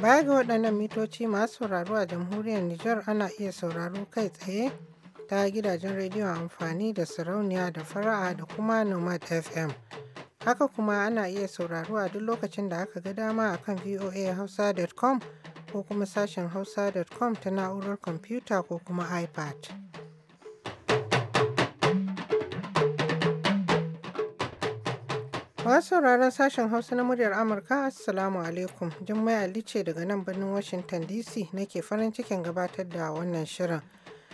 Baya ga waɗannan mitoci masu sauraro a jamhuriyar Nijar ana iya sauraro kai tsaye ta gidajen rediyo amfani da sarauniya da fara'a da kuma Nomad FM. Haka kuma ana iya sauraro a duk lokacin da aka ga dama a kan voahausa.com ko kuma sashen hausa.com ta na'urar kwamfuta ko kuma iPad. Masu sauraron sashen Hausa na muryar Amurka, Assalamu alaikum. Jummai Ali ce daga nan birnin Washington DC nake farin cikin gabatar da wannan shirin.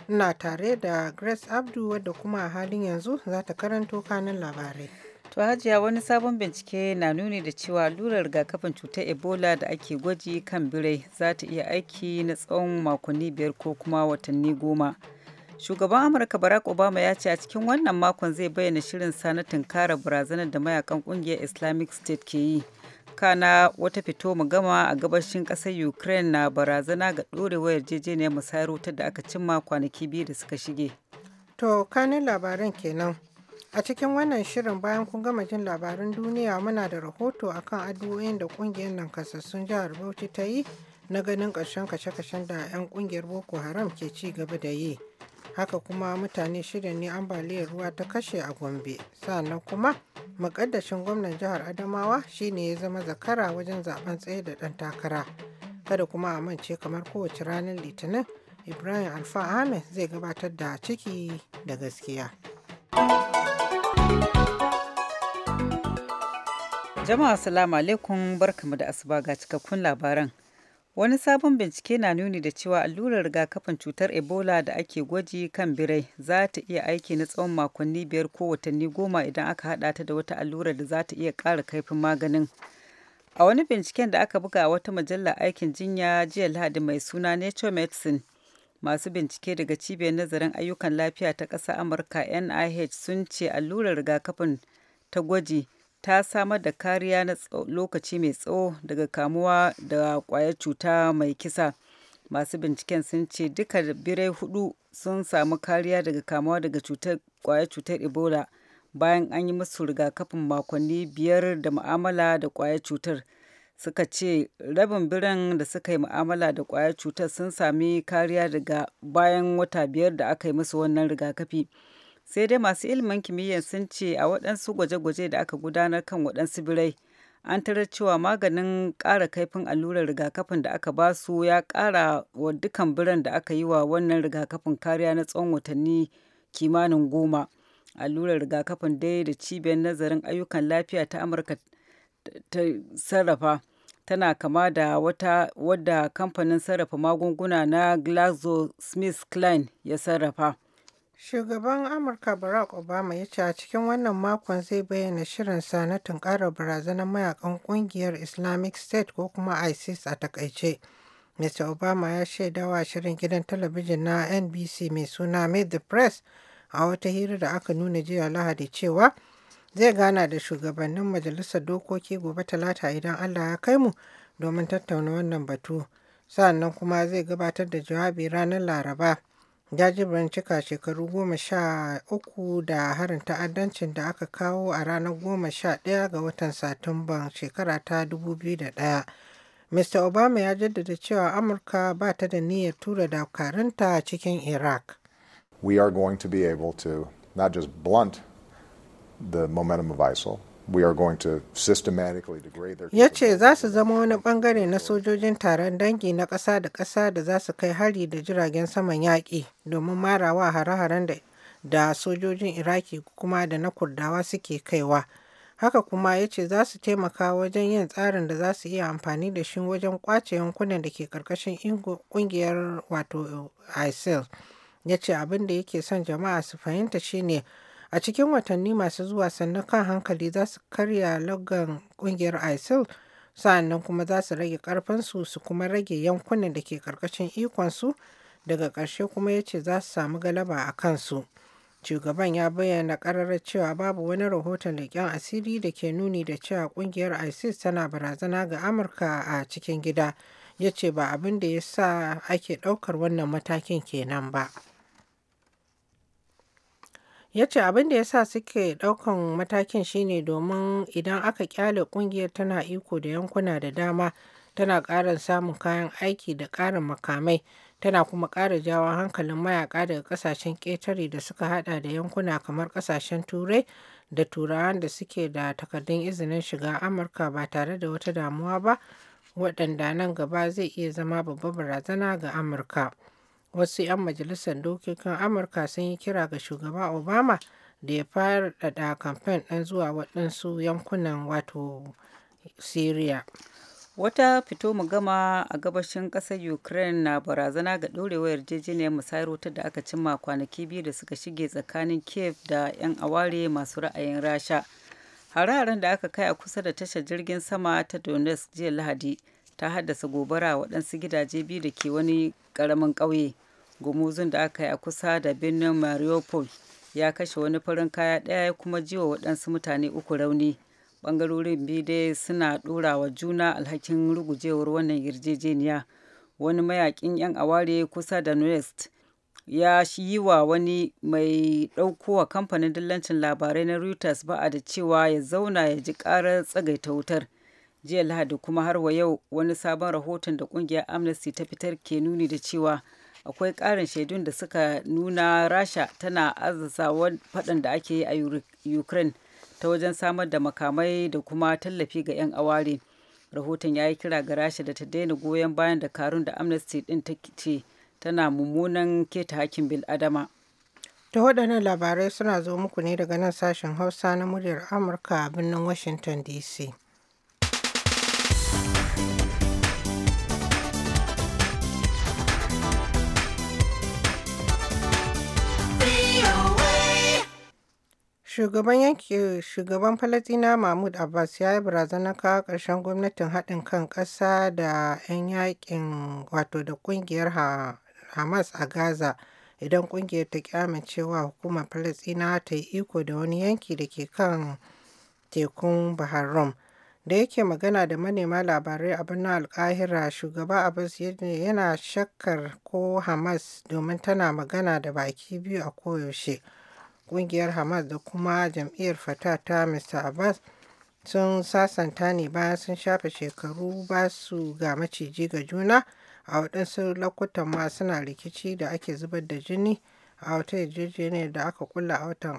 Ina tare da Grace Abdu wadda kuma a halin yanzu za ta karanto kanin labarai. To Hajiya wani sabon bincike na nuni da cewa lura rigakafin cutar Ebola da ake gwaji kan birai za ta iya aiki na tsawon makonni biyar ko kuma watanni goma. shugaban amurka barack obama ya ce a cikin wannan makon zai bayyana shirin sana na barazanar da mayakan kungiyar islamic state ke yi kana wata fito mu gama a gabashin kasar ukraine na barazana ga ɗorewar yarjejeniyar musayar wutar da aka cimma kwanaki biyu da suka shige to kanin labaran kenan a cikin wannan shirin bayan kun gama jin labarin duniya muna da rahoto akan addu'o'in da kungiyar nan kasassun jihar bauchi ta yi na ganin ƙarshen kashe-kashen da 'yan ƙungiyar boko haram ke ci gaba da yi haka kuma mutane shida ne ambaliyar ruwa ta kashe a gombe sannan kuma makaddashin gwamnan jihar adamawa shine ya zama zakara wajen zaben tsaye da ɗan takara kada kuma a mance kamar kowace ranar litinin ibrahim alfa ahmed zai gabatar da ciki da gaskiya jama'a salamu alaikum barkamu da asuba ga cikakkun labaran Wani sabon bincike na nuni da cewa allurar rigakafin cutar Ebola da ake gwaji kan birai za ta iya aiki na tsawon makonni biyar ko watanni goma idan aka haɗa ta da wata allurar da za ta iya ƙara kaifin maganin. A wani binciken da aka buga a wata mujallar aikin jinya jiya Lahadi mai suna Nature Medicine, masu bincike daga cibiyar nazarin ayyukan lafiya ta ƙasa Amurka NIH sun ce allurar rigakafin ta gwaji ta samar da kariya na lokaci mai tsawo daga kamuwa da kwayar cuta mai kisa masu binciken sun ce duka birai hudu sun samu kariya daga kamuwa daga cutar kwayar cutar ebola bayan an yi musu rigakafin makonni biyar da mu'amala da kwayar cutar suka ce rabin biran da suka yi mu'amala da kwayar cutar sun sami kariya daga bayan wata biyar da aka yi musu wannan rigakafi. sai dai masu ilimin kimiyyar sun ce a waɗansu gwaje-gwaje da aka gudanar kan waɗansu birai an tarar cewa maganin ƙara kaifin allurar rigakafin da aka basu ya ƙara wa dukkan biran da aka yi wa wannan rigakafin kariya na tsawon watanni kimanin goma allurar rigakafin dai da cibiyar nazarin ayyukan lafiya ta amurka ta sarrafa tana kama da wata wadda kamfanin sarrafa magunguna na GlaxoSmithKline ya sarrafa. Shugaban Amurka Barack Obama ya ce a cikin wannan makon zai bayyana shirinsa na tunkara barazanar mayakan ƙungiyar Islamic State ko kuma ISIS a takaice. Mr. Obama ya shaidawa shirin gidan talabijin na NBC mai suna Made the Press a wata hira da aka nuna jiya Lahadi cewa zai gana da shugabannin majalisar dokoki gobe talata idan Allah ya kai mu domin tattauna wannan batu. sannan kuma zai gabatar da jawabi ranar Laraba. jajibirin cika shekaru goma sha uku da harin ta'addancin da aka kawo a ranar goma sha ɗaya ga watan satumban shekara ta dubu biyu da 2001 mr obama ya jaddada cewa amurka ba ta da niyyar tura dakarunta cikin iraq we are going to be able to not just blunt the momentum of isil Ya ce za su zama wani bangare na sojojin taron dangi na ƙasa da ƙasa da za su kai hari da jiragen saman yaƙi domin marawa hare-haren da sojojin Iraki kuma da na Kurdawa suke kaiwa. Haka kuma ya ce za su taimaka wajen yin tsarin da za su iya amfani da shi wajen kwace yankunan da ke karkashin ƙungiyar wato ISIL. Ya ce abin da yake son jama'a su fahimta shine ne a cikin watanni masu zuwa sannan kan hankali za su karya loggan kungiyar isil sa'annan kuma za su rage karfinsu su kuma rage yankunan da ke karkashin ikonsu daga ƙarshe kuma ya ce za su samu galaba a kansu shugaban ya bayyana ƙararar cewa babu wani rahoton leƙen asiri da ke nuni da cewa ƙungiyar isis tana barazana ga amurka a cikin gida ya ce ba abin da ya sa ake ɗaukar wannan matakin kenan ba. ya ce abin da ya sa suke ɗaukan matakin shine domin idan aka kyale ƙungiyar tana iko da yankuna da dama tana ƙara samun kayan aiki da ƙarin makamai tana kuma ƙara jawo hankalin mayaka daga ƙasashen ƙetare da suka hada da yankuna kamar ƙasashen turai da turawan da suke da takardun izinin shiga amurka ba tare da wata damuwa ba waɗanda nan gaba zai iya zama babbar barazana ga amurka. wasu 'yan majalisar dokokin amurka sun yi kira ga shugaba obama da ya faɗaɗa kamfen ɗin zuwa waɗansu yankunan wato syria wata fito mu gama a gabashin ƙasar ukraine na barazana ga ɗorewar yarjejeniyar musayar wutar da aka cimma kwanaki biyu da suka shige tsakanin kiev da 'yan aware masu ra'ayin rasha hare da aka kai a kusa da tashar jirgin sama ta donetsk jiya lahadi ta haddasa gobara waɗansu gidaje biyu da ke wani ƙaramin ƙauye gumuzun da aka yi a kusa da birnin mariupol ya kashe wani farin kaya ɗaya ya kuma jiwa waɗansu mutane uku rauni ɓangarorin biyu dai suna ɗora wa juna alhakin rugujewar wannan yarjejeniya wani mayakin 'yan aware kusa da nest ya yi wa wani mai ɗaukowa kamfanin dillancin labarai na reuters ba'a da cewa ya zauna ya ji ƙarar tsagaita wutar jiya lahadi kuma har wa yau wani sabon rahoton da kungiyar amnesty ta fitar ke nuni da cewa akwai karin shaidun da suka nuna rasha tana arzasa faɗan da ake yi a ukraine ta wajen samar da makamai da kuma tallafi ga 'yan aware rahoton ya yi kira ga rasha da ta daina goyon bayan da karun da amnesty ɗin ta ce tana mummunan keta hakkin adama ta waɗannan labarai suna zo muku ne daga nan sashen hausa na muryar amurka a birnin washington dc Shugaban yanki Shugaban Falasɗinawa Mahmud Abbas ya yi barazanar kawo ƙarshen gwamnatin haɗin kan ƙasa da 'yan yaƙin wato da ƙungiyar Hamas a Gaza idan ƙungiyar ta ƙi amincewa hukumar Falasina ta yi iko da wani yanki da ke kan tekun Bahar Da yake magana da manema labarai a birnin alkahira Shugaba Abbas yana shakkar ko Hamas domin tana magana da baki biyu a koyaushe. kungiyar hamas da kuma jam'iyyar fata ta mr abbas sun sasanta ne bayan sun shafe shekaru ba su ga maciji ga juna a waɗansu lokutan ma suna rikici da ake zubar da jini a wata yarjejeniyar da aka kulla a watan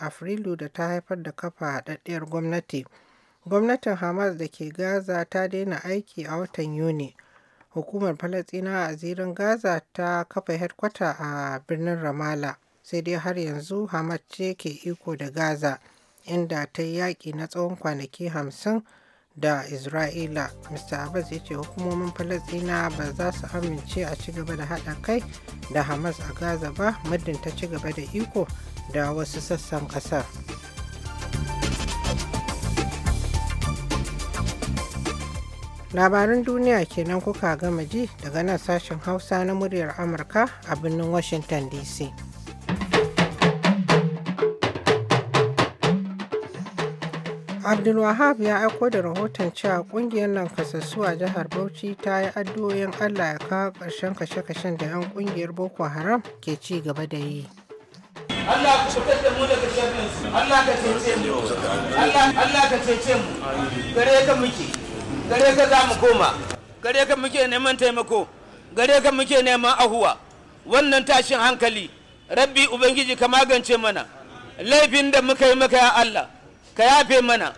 afrilu da ta haifar da kafa haɗaɗɗiyar gwamnati gwamnatin hamas da ke gaza ta daina aiki a watan yuni hukumar falastina a zirin gaza ta kafa hedkwata a birnin ramallah sai dai har yanzu Hamas ce ke iko da Gaza inda ta yi yaƙi na tsawon kwanaki hamsin da Isra'ila. Mr. Abbas ya ce hukumomin falasina ba za su amince a ci gaba da haɗa kai da Hamas a Gaza ba muddin ta ci gaba da iko da wasu sassan ƙasar. labarin duniya kenan kuka gama ji daga nan sashen Hausa na muryar Amurka a birnin Washington DC. Abdulwahab ya aiko da rahoton cewa kungiyar lankasassu a jihar Bauchi ta yi addu'o'in Allah ya kawo ƙarshen kashe-kashen da 'yan kungiyar Boko Haram ke ci gaba da yi. Allah ka mu Allah ka cece mu, gare ka muke, gare ka za mu koma, gare ka muke neman taimako, gare ka muke neman ahuwa, wannan tashin hankali, rabbi Ubangiji ka magance mana, laifin da muka yi maka ya Allah. ka yafe mana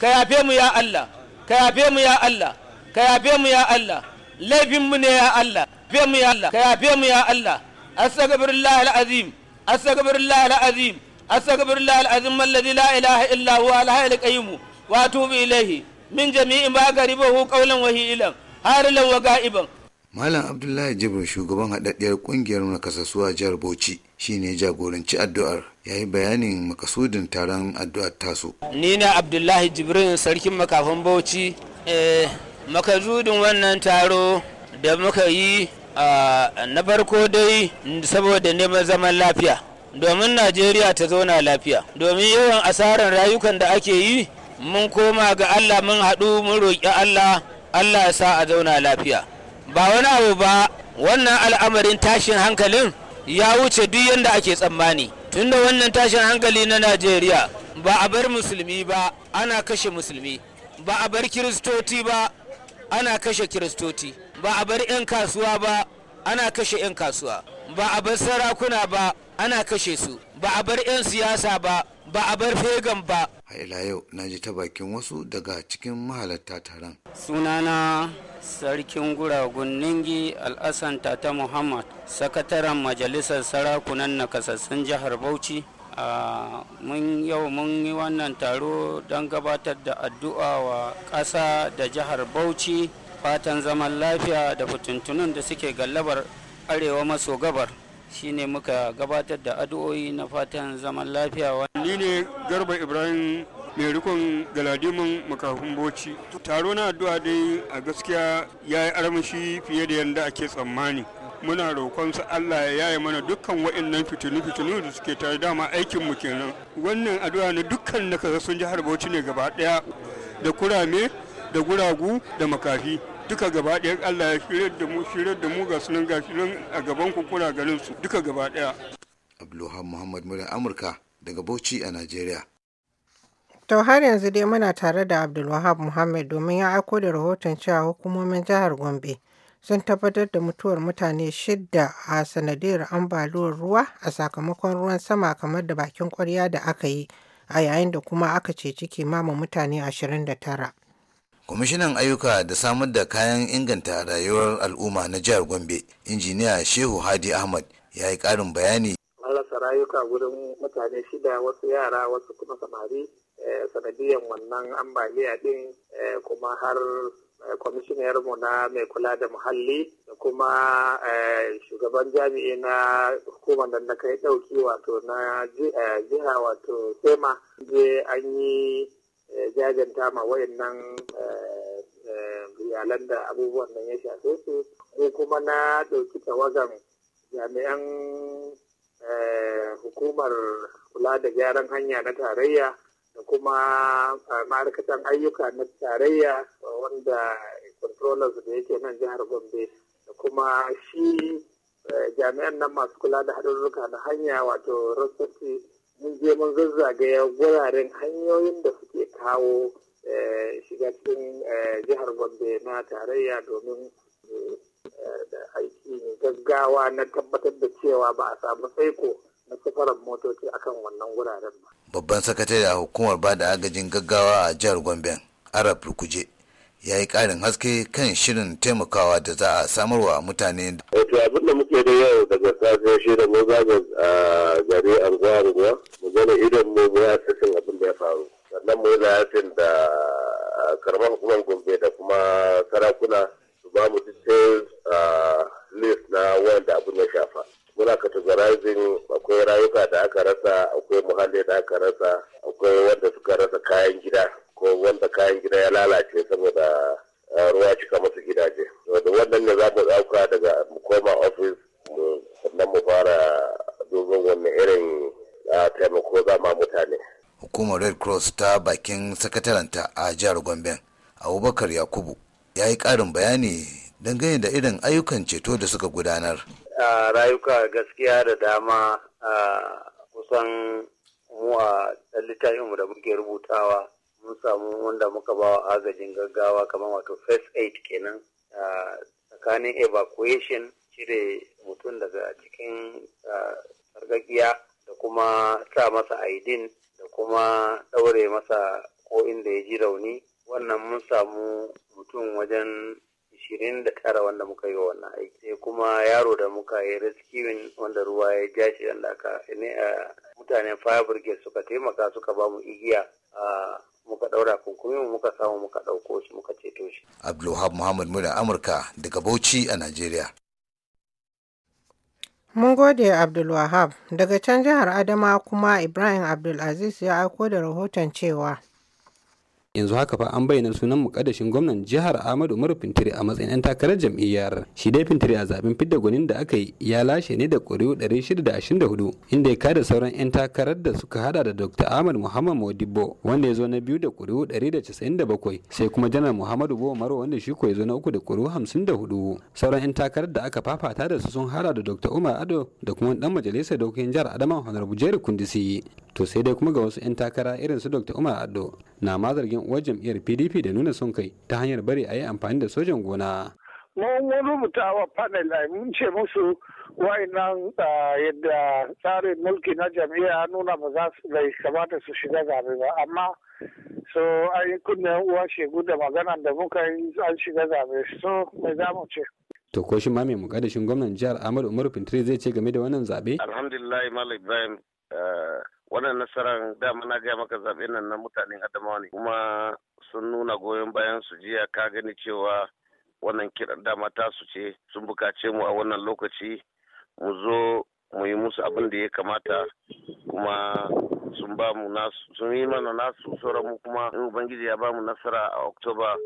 ka yafe mu ya Allah ka yafe mu ya Allah ka yafe mu ya Allah laifin mu ne ya Allah yafe mu ya Allah ka yafe mu ya Allah astaghfirullah alazim astaghfirullah alazim astaghfirullah alazim alladhi la ilaha illa huwa alhayyul qayyum wa atubu ilayhi min jami'i ma garibahu qawlan wa hilan harilan wa ga'iban Malam Abdullahi Jibril, shugaban haɗaɗɗiyar ƙungiyar nakasassu a jihar Bauchi shine jagoranci addu'ar ya yi bayanin makasudin taron addu'ar tasu. Ni na Abdullahi Jibril sarkin makafin Bauchi eh, makasudin wannan taro da muka yi ah, na farko dai saboda neman zaman lafiya domin Najeriya ta zauna lafiya domin yawan asarar rayukan da ake yi mun koma ga Allah mun haɗu mun roƙi Allah Allah ya sa a zauna lafiya. ba wani abu ba wannan al'amarin tashin hankalin ya wuce duk yadda ake tsammani tunda wannan tashin hankali na najeriya ba a bar musulmi ba ana kashe musulmi ba a bar kiristoti ba ana kashe kiristoti ba a bar 'yan kasuwa ba ana kashe 'yan kasuwa ba a bar sarakuna ba ana kashe su ba a bar 'yan siyasa ba ba a bar fegan ba a ila yau na ji ta bakin wasu daga cikin mahalarta taron sunana sarkin guragun ningi al'asan tata muhammad sakataren majalisar sarakunan nakasassun jihar bauchi mun yau mun yi wannan taro don gabatar da addu'a wa ƙasa da jihar bauchi fatan zaman lafiya da fitintunun da suke gallabar arewa maso gabar shine muka gabatar da addu'o'i na fatan zaman lafiya ni ne garba ibrahim mai rikon galadimin makafin boci taro na addu'a dai a gaskiya ya yi armashi fiye da yadda ake tsammani muna su Allah ya yaye mana dukkan waannan fitilu-fitilu da suke tare dama aikin mu kenan wannan addu'a na dukkan na kaza sun ji ne gaba ɗaya da kurame da guragu da makafi duka gaba ɗaya Allah ya shirar da mu shirar da mu ga sunan ga shirin a gaban ku kuna ganin su duka gaba ɗaya Abdulhamid Muhammad Muryar Amurka daga Bauchi a Najeriya To har yanzu dai muna tare da Wahab Muhammad domin ya aiko da rahoton cewa hukumomin jihar Gombe sun tabbatar da mutuwar mutane shidda a sanadiyar ambaliyar ruwa a sakamakon ruwan sama kamar da bakin kwarya da aka yi a yayin da kuma aka ceci kimanin mutane 29. kwamishinan ayyuka da samar da kayan inganta rayuwar al'umma na jihar gombe injiniya shehu hadi ahmad ya yi karin bayani rasa rayuka wurin mutane shida wasu yara wasu kuma samari eh, sanadiyan wannan ambaliya din eh, kuma har eh, mu na mai kula da muhalli da kuma shugaban jami'i na hukumar da na kai dauki wato na jiha wato sema je an yi jajanta ma nan eh, eh, iyalan da abubuwan nan ya shafe su ko kuma na ɗauki tawagan jami'an eh, hukumar kula da gyaran hanya na tarayya da kuma ma'aikatan ayyuka na tarayya wanda controllers da yake nan jihar gombe da kuma shi jami'an nan masu kula da haɗarurruka na hanya wato rostoci mun je mun zazzagaya wuraren hanyoyin da suke kawo eh, shiga cikin eh, jihar gombe na tarayya domin eh, da aiki gaggawa na tabbatar da cewa ba a samu saiko na safarar motoci akan wannan wuraren ba. Babban sakatare a hukumar ba da agajin gaggawa a jihar Gombe, Arab Rukuje, ya yi ƙarin haske kan shirin taimakawa da za a samarwa mutane. Wato abin da muke da yau daga safe shi da mu zaga a gari an ruwa mu zana idon mu ya asisin abin da ya faru. Sannan mu yi layafin da karamar hukumar Gombe da kuma sarakuna su ba mu details list na wanda abin ya shafa. Muna categorizing akwai rayuka da aka rasa, akwai muhalli da aka rasa, akwai wanda suka rasa kayan gida. ko wanda kayan gida ya lalace saboda eh, ruwa cika masa gidaje da wannan ne za mu ɗauka daga mu koma ofis sannan mu fara dubin wannan irin eh, taimako za mutane hukumar red cross ta bakin sakataranta a jihar gombe abubakar yakubu ya yi ƙarin bayani dangane da irin ayyukan ceto da suka gudanar rayuka gaskiya da dama eh, kusan mu a mu da muke rubutawa mun samu wanda muka ba wa agajin gaggawa kamar wato first aid kenan tsakanin evacuation cire mutum daga cikin sargagiya da kuma sa masa aidin da kuma ɗaure masa ko inda ya ji rauni wannan mun samu mutum wajen ishirin da tara wanda muka yi wa wannan aiki sai kuma yaro da muka yi rescuing wanda ruwa ya ja shi wanda aka mutanen fire brigade suka taimaka suka ba mu igiya muka ɗaura kunkumin muka samu muka ɗauko shi muka ceto shi. Abdulwahab Muhammad muda Amurka daga Bauchi a Najeriya. Mun gode Abdulwahab. Daga can jihar Adama kuma Ibrahim Abdulaziz ya aiko da rahoton cewa. yanzu haka fa an bayyana sunan mukaddashin gwamnan jihar Ahmadu Umar Fintiri a matsayin ɗan takarar jam'iyyar shi dai Fintiri a zaben fidda gwanin da aka yi ya lashe ne da ƙuri'u 624 inda ya kada sauran 'yan takarar da suka hada da Dr. Ahmad Muhammad Modibo wanda ya zo na biyu da ƙuri'u 197 sai kuma janar Muhammadu Bowa Maro wanda shi ko ya zo na uku da ƙuri'u 54 sauran 'yan takarar da aka fafata da su sun hada da Dr. Umar Ado da kuma dan majalisar dokokin jihar Adamawa Honorable Jerry Kundisi to sai dai kuma ga wasu 'yan takara irin su Dr. Umar Ado na ma zargin uwar jam'iyyar pdp da nuna son kai ta hanyar bari a yi amfani da sojan gona mun rubuta wa panel mun ce musu wa'inan yadda tsarin mulki na jam'iyya nuna ba za su bai kamata su shiga zabe ba amma so ai yi uwa shegu da magana da muka yi an shiga zabe so mai za mu ce to ko shi ma mai mukaddashin gwamnan jihar Ahmadu Umaru Fintiri zai ce game da wannan zabe alhamdulillah malik Ibrahim eh, wannan nasarar dama na gaya maka zaɓe nan na mutanen adamawa ne kuma sun nuna goyon bayan su jiya ka gani cewa wannan kiran dama su ce sun bukace mu a wannan lokaci mu zo mu yi musu abin da ya kamata kuma sun ba mu nasu sun yi mana nasu sauran mu kuma in ubangiji ya ba mu nasara a oktoba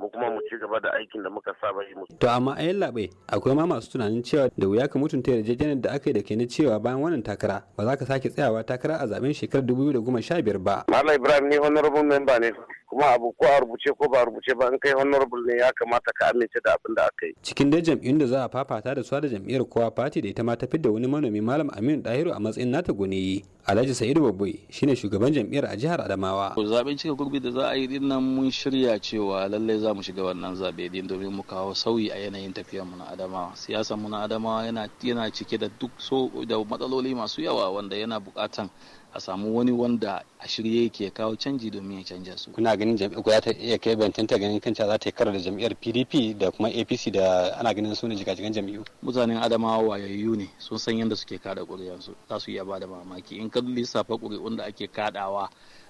mu kuma mu ci gaba da aikin da muka saba yi musu. To amma a labe akwai ma masu tunanin cewa da wuya ka mutunta yarjejeniyar da aka yi da ke na cewa bayan wannan takara ba za ka sake tsayawa takara a zaben shekarar biyar ba. Malam Ibrahim ni honorable member ne. kuma abu ko a rubuce ko ba a rubuce ba in kai honorable ne ya kamata ka amince da abin da aka yi cikin dai jam'iyyun da za a fafata da su da jam'iyyar kowa fati da ita ma ta fidda wani manomi malam aminu dahiru a matsayin nata yi. alhaji sa'idu shi shine shugaban jam'iyyar a jihar adamawa zaben cika gurbi da za a yi din nan mun shirya cewa lallai za mu shiga wannan zabe din domin mu kawo sauyi a yanayin tafiyar mu na adamawa siyasar mu na adamawa yana yana cike da duk so da matsaloli masu yawa wanda yana bukatan a samu wani wanda a shirye yake kawo canji domin ya canja su kuna ganin jam'iyyar ku ta iya kai bantanta ganin kanta za ta karar da jam'iyyar PDP da kuma APC da ana ganin su ne jikajikan jam'iyyu mutanen Adamawa wayayyu ne sun san yadda suke kada ƙuri'an su za su iya bada mamaki in ka lissafa ƙuri'un da ake kadawa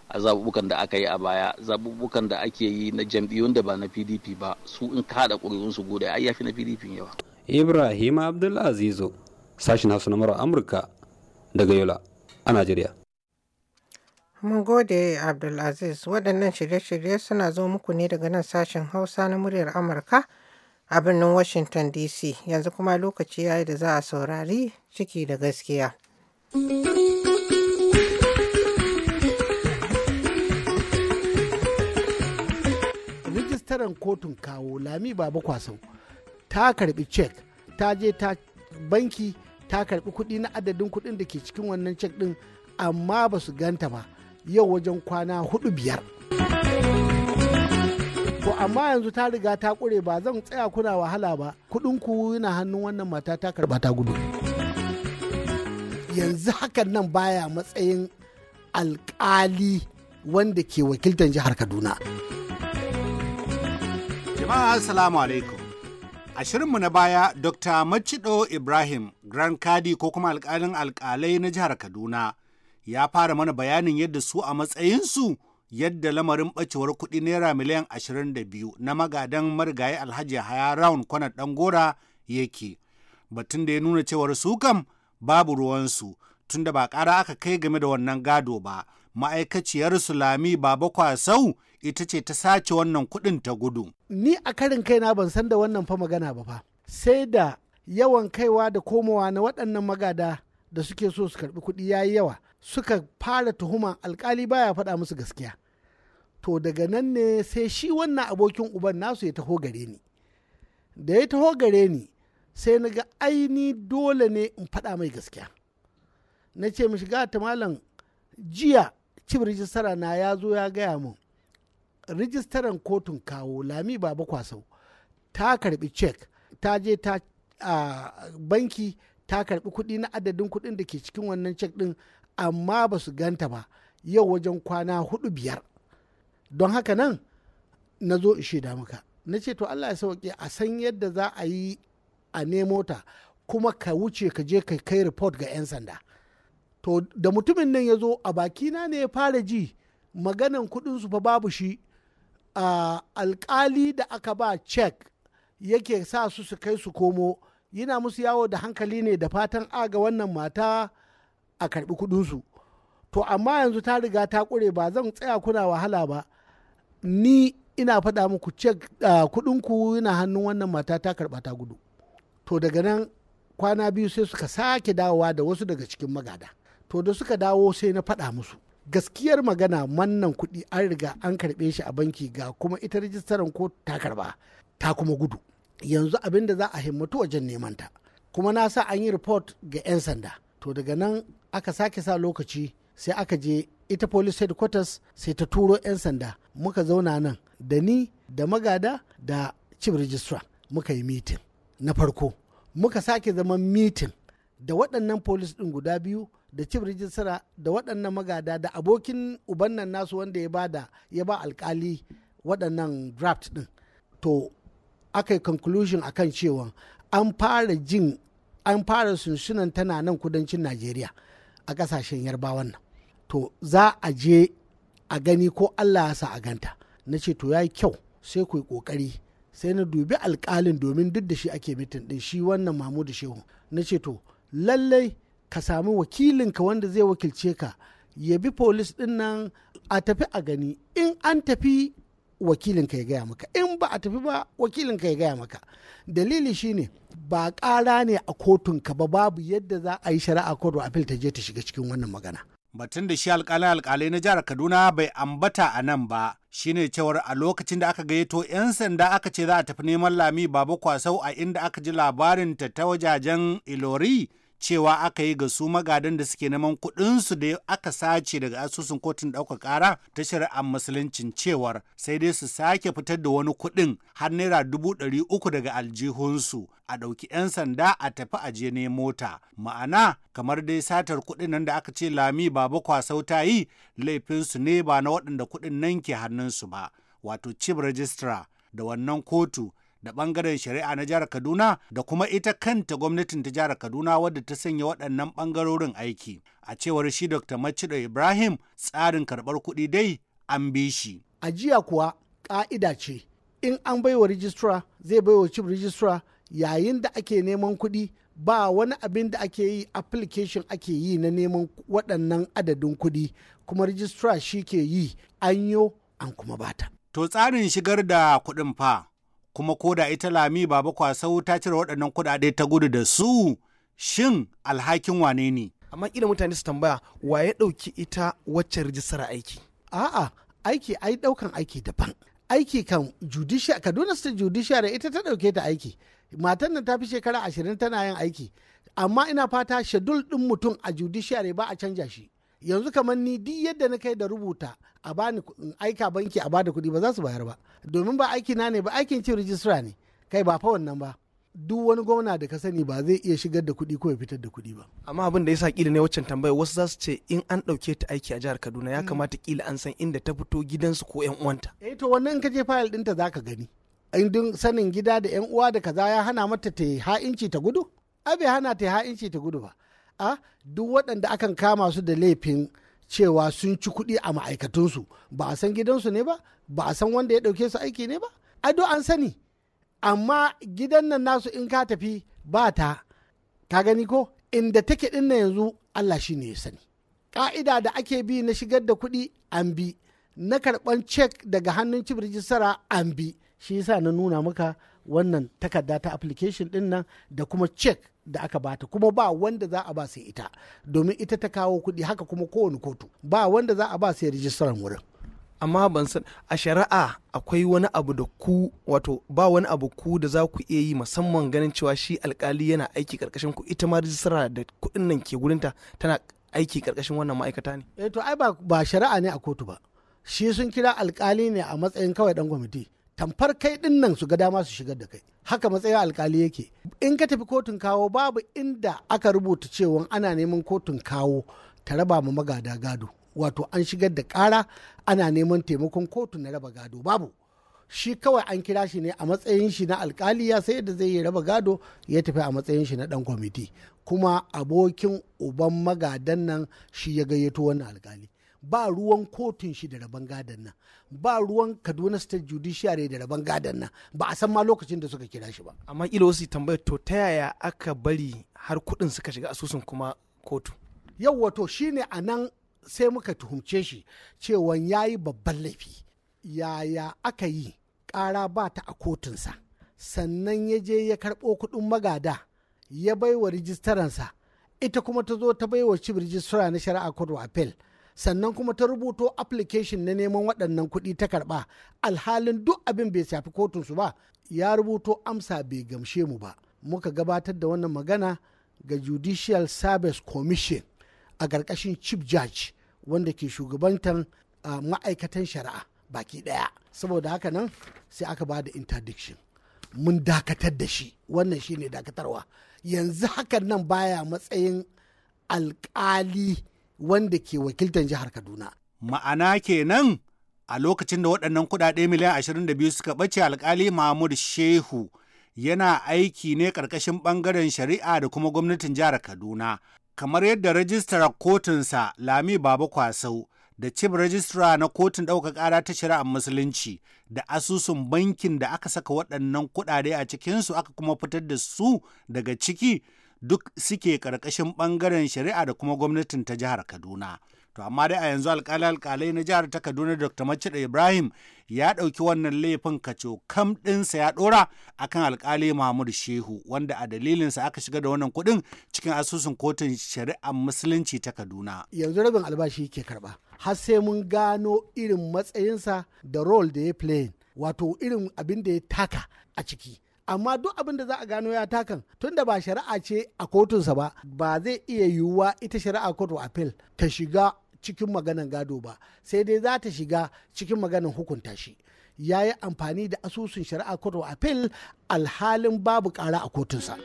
a zabubukan da aka yi a baya zabubukan da ake yi na jam'iyyun da ba na PDP ba su in kada ƙuri'un su gode ai fi na PDP yawa Ibrahim Abdulazizo sashin Hausa na Amurka daga Yola a Najeriya Mun gode Abdulaziz. Waɗannan shirye-shirye suna zo muku ne daga nan sashen Hausa na muryar Amurka a birnin Washington DC. Yanzu kuma lokaci yayi da za a saurari ciki da gaskiya. Rijistaren kotun kawo Lami Baba Kwasau ta karbi cek ta je ta banki ta karbi kuɗi na adadin kuɗin da ke cikin wannan cek ɗin amma ba su ganta ba. yau wajen kwana hudu biyar Ko amma yanzu ta riga ta kure ba zan tsaya kuna wahala ba ku yana hannun wannan mata ta karba ta gudu yanzu hakan nan baya matsayin alƙali wanda ke wakiltar jihar kaduna jama'a assalamu alaikum a mu na baya dr macido ibrahim grand kadi ko kuma alkalin alkalai na jihar kaduna ya fara mana bayanin yadda su a matsayinsu yadda lamarin bacewar kuɗi naira miliyan 22 na magadan marigayi alhaji haya round ɗan gora yake batun da ya nuna cewar su kam babu ruwansu tunda ba ƙara aka kai game da wannan gado ba ma'aikaciyar sulami baba kwasau ita ce ta sace wannan kuɗin ta gudu ni a karin kaina ban san da wannan fa magana ba fa sai da yawan kaiwa da komowa na waɗannan magada da suke so su karbi kuɗi ya yi yawa suka fara tuhuma alkali baya faɗa musu gaskiya to daga nan ne sai shi wannan abokin uban nasu ya taho gare ni da ya taho gare ni sai na ga aini dole ne in faɗa mai gaskiya na ce mishi ga ta malam jiya cib rijistara na ya zo ya gaya min rijistaran kotun kawo lami baba kwasau ta karbi cek ta je ta banki ta karbi kuɗi na adadin kuɗin da ke cikin wannan cek ɗin amma ba su ganta ba yau wajen kwana hudu biyar don haka nan na zo in shaida maka na ce to allah ya sauke a san yadda za a yi a nemo ta kuma ka wuce ka je ka kai report ga 'yan sanda to da mutumin nan ya zo a bakina ne ya fara ji maganan su fa babu shi ah, alkali da aka ba cek yake sa su su kai su komo yana musu yawo da hankali ne da fatan aga wannan mata a karbi kudinsu to amma yanzu ta riga ta kure ba zan tsaya kuna wahala ba ni ina faɗa muku cek kudinku yana hannun wannan mata ta karɓa ta gudu to daga nan kwana biyu sai suka sake dawowa da wasu daga cikin magada to da suka dawo sai na faɗa musu gaskiyar magana mannan kuɗi an riga an karɓe shi a banki ga kuma ita rijistaran ko ta karɓa ta kuma gudu yanzu abin da za a himmatu wajen neman ta kuma na sa an yi report ga 'yan sanda to daga nan aka sake sa lokaci sai aka je ita police headquarters sai ta turo 'yan sanda muka zauna nan da ni da magada da chief registrar muka yi meeting na farko muka sake zaman meeting da waɗannan polis ɗin guda biyu da chief registrar da waɗannan magada da abokin ubannan nasu wanda ya ba da ya ba alkali waɗannan draft ɗin to aka yi conclusion a kan cewa an fara jin an fara sunsunan tana nan kudancin najeriya a kasashen yarbawan nan to za a je a gani ko allah ya sa a ganta na ce to ya yi kyau sai ku yi kokari sai na dubi alkalin domin duk da shi ake mitin din shi wannan mamudu shehu na ce to lallai ka sami wakilinka wanda zai wakilce ka ya bi polis din nan a tafi a gani in an tafi wakilinka ya gaya maka in ba a tafi ba wakilinka ya gaya maka dalili shine ba ƙara ne a kotunka ba babu yadda za a yi shari'a kotu apil ta je ta shiga cikin wannan magana batun da shi alƙalin alƙalai na jihar kaduna bai ambata a nan ba shine cewar a lokacin da aka gayyato 'yan sanda aka ce za a tafi neman lami babu kwasau a inda aka ji labarin ta ta wajajen ilori cewa aka yi ga su magadan da suke neman kuɗinsu da aka sace daga asusun kotun ɗaukar ƙara ta shari'ar musuluncin cewar sai dai su sake fitar da wani kuɗin har naira dubu ɗari uku daga aljihunsu a ɗauki 'yan sanda a tafi a ne mota ma'ana kamar dai satar kuɗin nan da aka ce lami babu kwasau ta yi laifinsu ne ba na waɗanda kuɗin nan ke hannunsu ba wato chief registrar da wannan kotu da bangaren shari'a na jihar Kaduna da kuma ita kanta gwamnatin ta jihar Kaduna wadda ta sanya waɗannan bangarorin aiki. A cewar shi Dr. Macido Ibrahim tsarin karbar kuɗi dai an bi shi. a jiya kuwa ka'ida ce in an baiwa rijistra zai baiwa cib rijistra yayin da ake neman kuɗi ba wani abin da ake yi application ake yi na neman waɗannan adadin kuɗi kuma rijistra shi ke yi an yo an kuma bata. To tsarin shigar da kuɗin fa kuma ko da ita lami baba kwasau ta cire waɗannan kuɗaɗe ta gudu da su shin alhakin wane ne amma ina mutane su tambaya wa ya ɗauki ita wacce rijistar aiki a'a aiki ai ɗaukan aiki daban aiki kan judiciary kaduna state da ita ta ɗauke ta aiki matan nan ta fi shekara ashirin tana yin aiki amma ina fata shedul ɗin mutum a judiciary ba a canja shi yanzu kamar ni duk yadda na kai da rubuta a bani aika banki a bada kuɗi ba za su bayar ba domin ba aiki na ne ba aikin cin rijistra ne kai ba fa wannan ba duk wani gwamna da ka sani ba zai iya shigar da kuɗi ko ya fitar da kuɗi ba amma abin da yasa kila ne waccan tambaya wasu za su ce in an ɗauke ta aiki a jihar Kaduna ya mm. kamata kila an san inda ta fito gidansu ko yan uwanta eh to wannan ka je fayil ɗinta ka gani dun sanin gida da yan uwa da kaza ya hana mata ta ha'inci ta gudu abe hana ta ha'inci ta gudu ba a duk waɗanda akan kama su da laifin cewa sun ci kuɗi a ma'aikatunsu ba a san gidansu ne ba ba a san wanda ya ɗauke su aiki ne ba ado an sani amma gidan nan nasu in ka tafi ba ta ka gani ko inda take ɗin na yanzu Allah shi ne ya sani ƙa'ida da ake bi na shigar da kuɗi an bi na karɓan cek daga hannun cibin rijistara an bi shi yasa na nuna maka wannan takarda ta application ɗin nan da kuma cek da aka bata kuma ba wanda za a ba sai ita domin ita ta kawo kuɗi haka kuma kowane kotu ba wanda za a ba sai rijistaran wurin amma ban san a shari'a akwai wani abu da ku wato ba wani abu ku da za ku iya yi musamman ganin cewa shi alkali yana aiki karkashin ku ita ma rijistara da kuɗin nan ke gurinta tana aiki karkashin wannan ma'aikata ne eh to ai ba shari'a ne a kotu ba shi sun kira alkali ne a matsayin kawai dan kwamiti tamfar kai din nan su ga dama su shigar da kai haka matsayin alkali yake in ka tafi kotun kawo babu inda aka rubuta cewa ana neman kotun kawo ta raba ma magada gado wato an shigar da kara ana neman taimakon kotu na raba gado babu shi kawai an kira shi ne a matsayin shi na alkali ya sai da zai yi raba gado ya tafi a matsayin shi na dan kwamiti kuma abokin uban magadan nan shi ya gayyato wannan alkali ba ruwan kotun shi da rabon gadon nan ba ruwan kaduna state judiciary da rabon gadon nan ba a san ma lokacin da suka kira shi ba amma ilo wasu tambayar to ta yaya aka bari har kuɗin suka shiga asusun kuma kotu yau wato shine a nan sai muka tuhumce shi cewa ya yi babban laifi yaya aka yi kara ba ta a kotunsa sannan ya je ya karɓo kuɗin magada ya baiwa rijistaransa ita kuma ta zo ta baiwa cibin rijistara na shari'a kudu apel sannan kuma ta rubuto application na neman waɗannan kuɗi ta karɓa alhalin duk abin bai shafi kotunsu ba ya rubuto amsa bai gamshe mu ba muka gabatar da wannan magana ga judicial service commission a ƙarƙashin chief judge wanda ke shugabantar ma'aikatan shari'a baki ɗaya saboda haka nan sai aka ba da interdiction mun dakatar da shi wannan shine dakatarwa yanzu hakan nan baya matsayin alkali. wanda ke wakiltar jihar Kaduna. Ma'ana kenan a lokacin da waɗannan kuɗaɗe miliyan 22 suka ɓace alkali Mahmud Shehu yana aiki ne ƙarƙashin ɓangaren shari'a da kuma gwamnatin jihar Kaduna. Kamar yadda rajistar kotunsa Lami Baba Kwasau da cib rajistra na kotun ɗaukar ƙara ta shari'ar musulunci da asusun bankin da aka saka waɗannan kuɗaɗe a cikinsu aka kuma fitar da su daga ciki duk suke karkashin bangaren shari'a da kuma gwamnatin ta jihar Kaduna. To amma dai a yanzu alƙali alƙalai na jihar ta Kaduna Dr. Macida Ibrahim ya ɗauki wannan laifin kaco kam ɗinsa ya ɗora akan alƙali Mahmud Shehu wanda a dalilinsa aka shiga da wannan kuɗin cikin asusun kotun shari'ar musulunci ta Kaduna. Yanzu rabin albashi ke karba har sai mun gano irin matsayinsa da role da ya play wato irin abin da ya taka a ciki. amma duk abin da za a gano ya taka tunda ba shari'a ce a kotunsa ba ba zai iya yiwuwa ita shari'a kotu apel ta shiga cikin maganan gado ba sai dai za ta shiga cikin maganan hukunta shi ya yi amfani da asusun shari'a kotu apel alhalin babu kara a kotunsa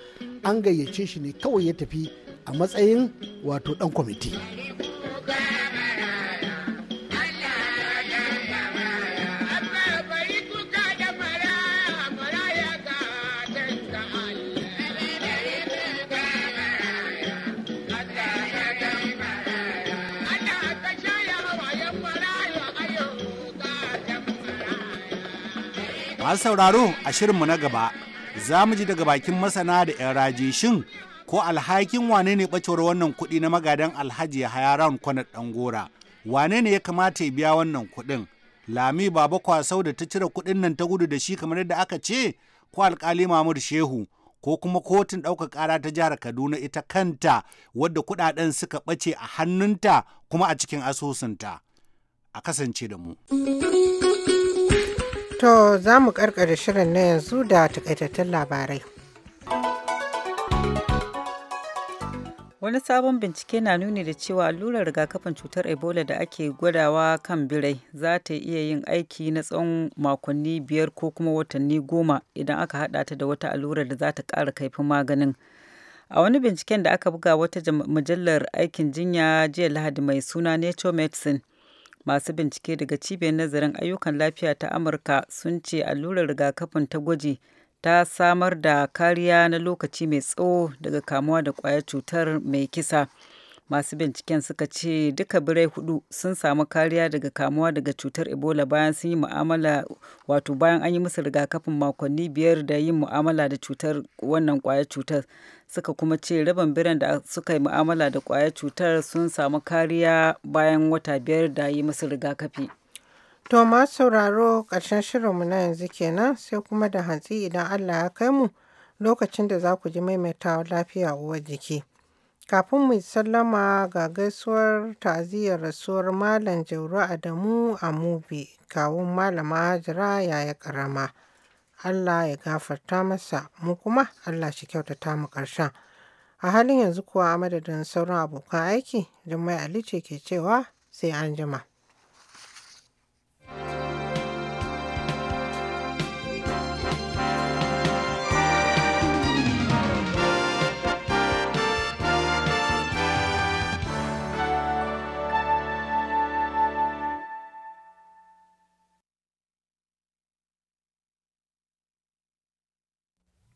an gayyace shi ne kawai ya tafi a matsayin wato dan kwamiti. masu sauraro a shirinmu na gaba za mu ji daga bakin masana da 'yan raji shin ko alhakin wane ne bacewar wannan kuɗi na magadan alhaji ya haya ran kwanar gora wane ne ya kamata ya biya wannan kuɗin lami baba kwasau da ta cire kuɗin nan ta gudu da shi kamar yadda aka ce ko alkali mamur shehu ko kuma kotun ɗaukar ƙara ta jihar kaduna ita kanta wadda kuɗaɗen suka ɓace a hannunta kuma a cikin asusunta a kasance da mu. To za mu karkare shirin na yanzu da takaitattun labarai. Wani sabon bincike na nuni da cewa allurar rigakafin cutar Ebola da ake gwadawa kan birai za ta iya yin aiki na tsawon makonni biyar ko kuma watanni goma idan aka haɗa ta da wata allurar da za ta ƙara kaifin maganin. A wani binciken da aka buga wata mujallar aikin jinya jiya Lahadi mai suna Nature Medicine masu bincike daga cibiyar nazarin ayyukan lafiya ta amurka sun ce allurar rigakafin ta gwaji ta samar da kariya na lokaci mai tsawo daga kamuwa da kwayar cutar mai kisa masu binciken suka ce duka birai hudu sun samu kariya daga kamuwa daga cutar ebola bayan sun yi mu'amala wato bayan an yi musu rigakafin makonni biyar da yin mu'amala da cutar wannan kwayar cutar suka kuma ce rabin biran da suka yi mu'amala da kwayar cutar sun samu kariya bayan wata biyar da yi musu rigakafi to ma sauraro ƙarshen shirinmu na yanzu kenan sai kuma da hantsi idan allah ya kai mu lokacin da za ku ji maimaitawa lafiya uwar jiki. Kafin mu sallama ga gaisuwar ta'aziyyar rasuwar Malam Jauro Adamu a Mubi, kawun Malama ya yaya ƙarama. Allah ya gafarta masa, mu kuma Allah shi kyauta ta mu ƙarshen. A halin yanzu kuwa a madadin sauran abokan aiki, Jummai Ali ce ke cewa sai an jima.